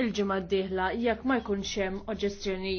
il-ġimgħa d-dieħla jekk ma jkunx hemm oġġezzjonijiet.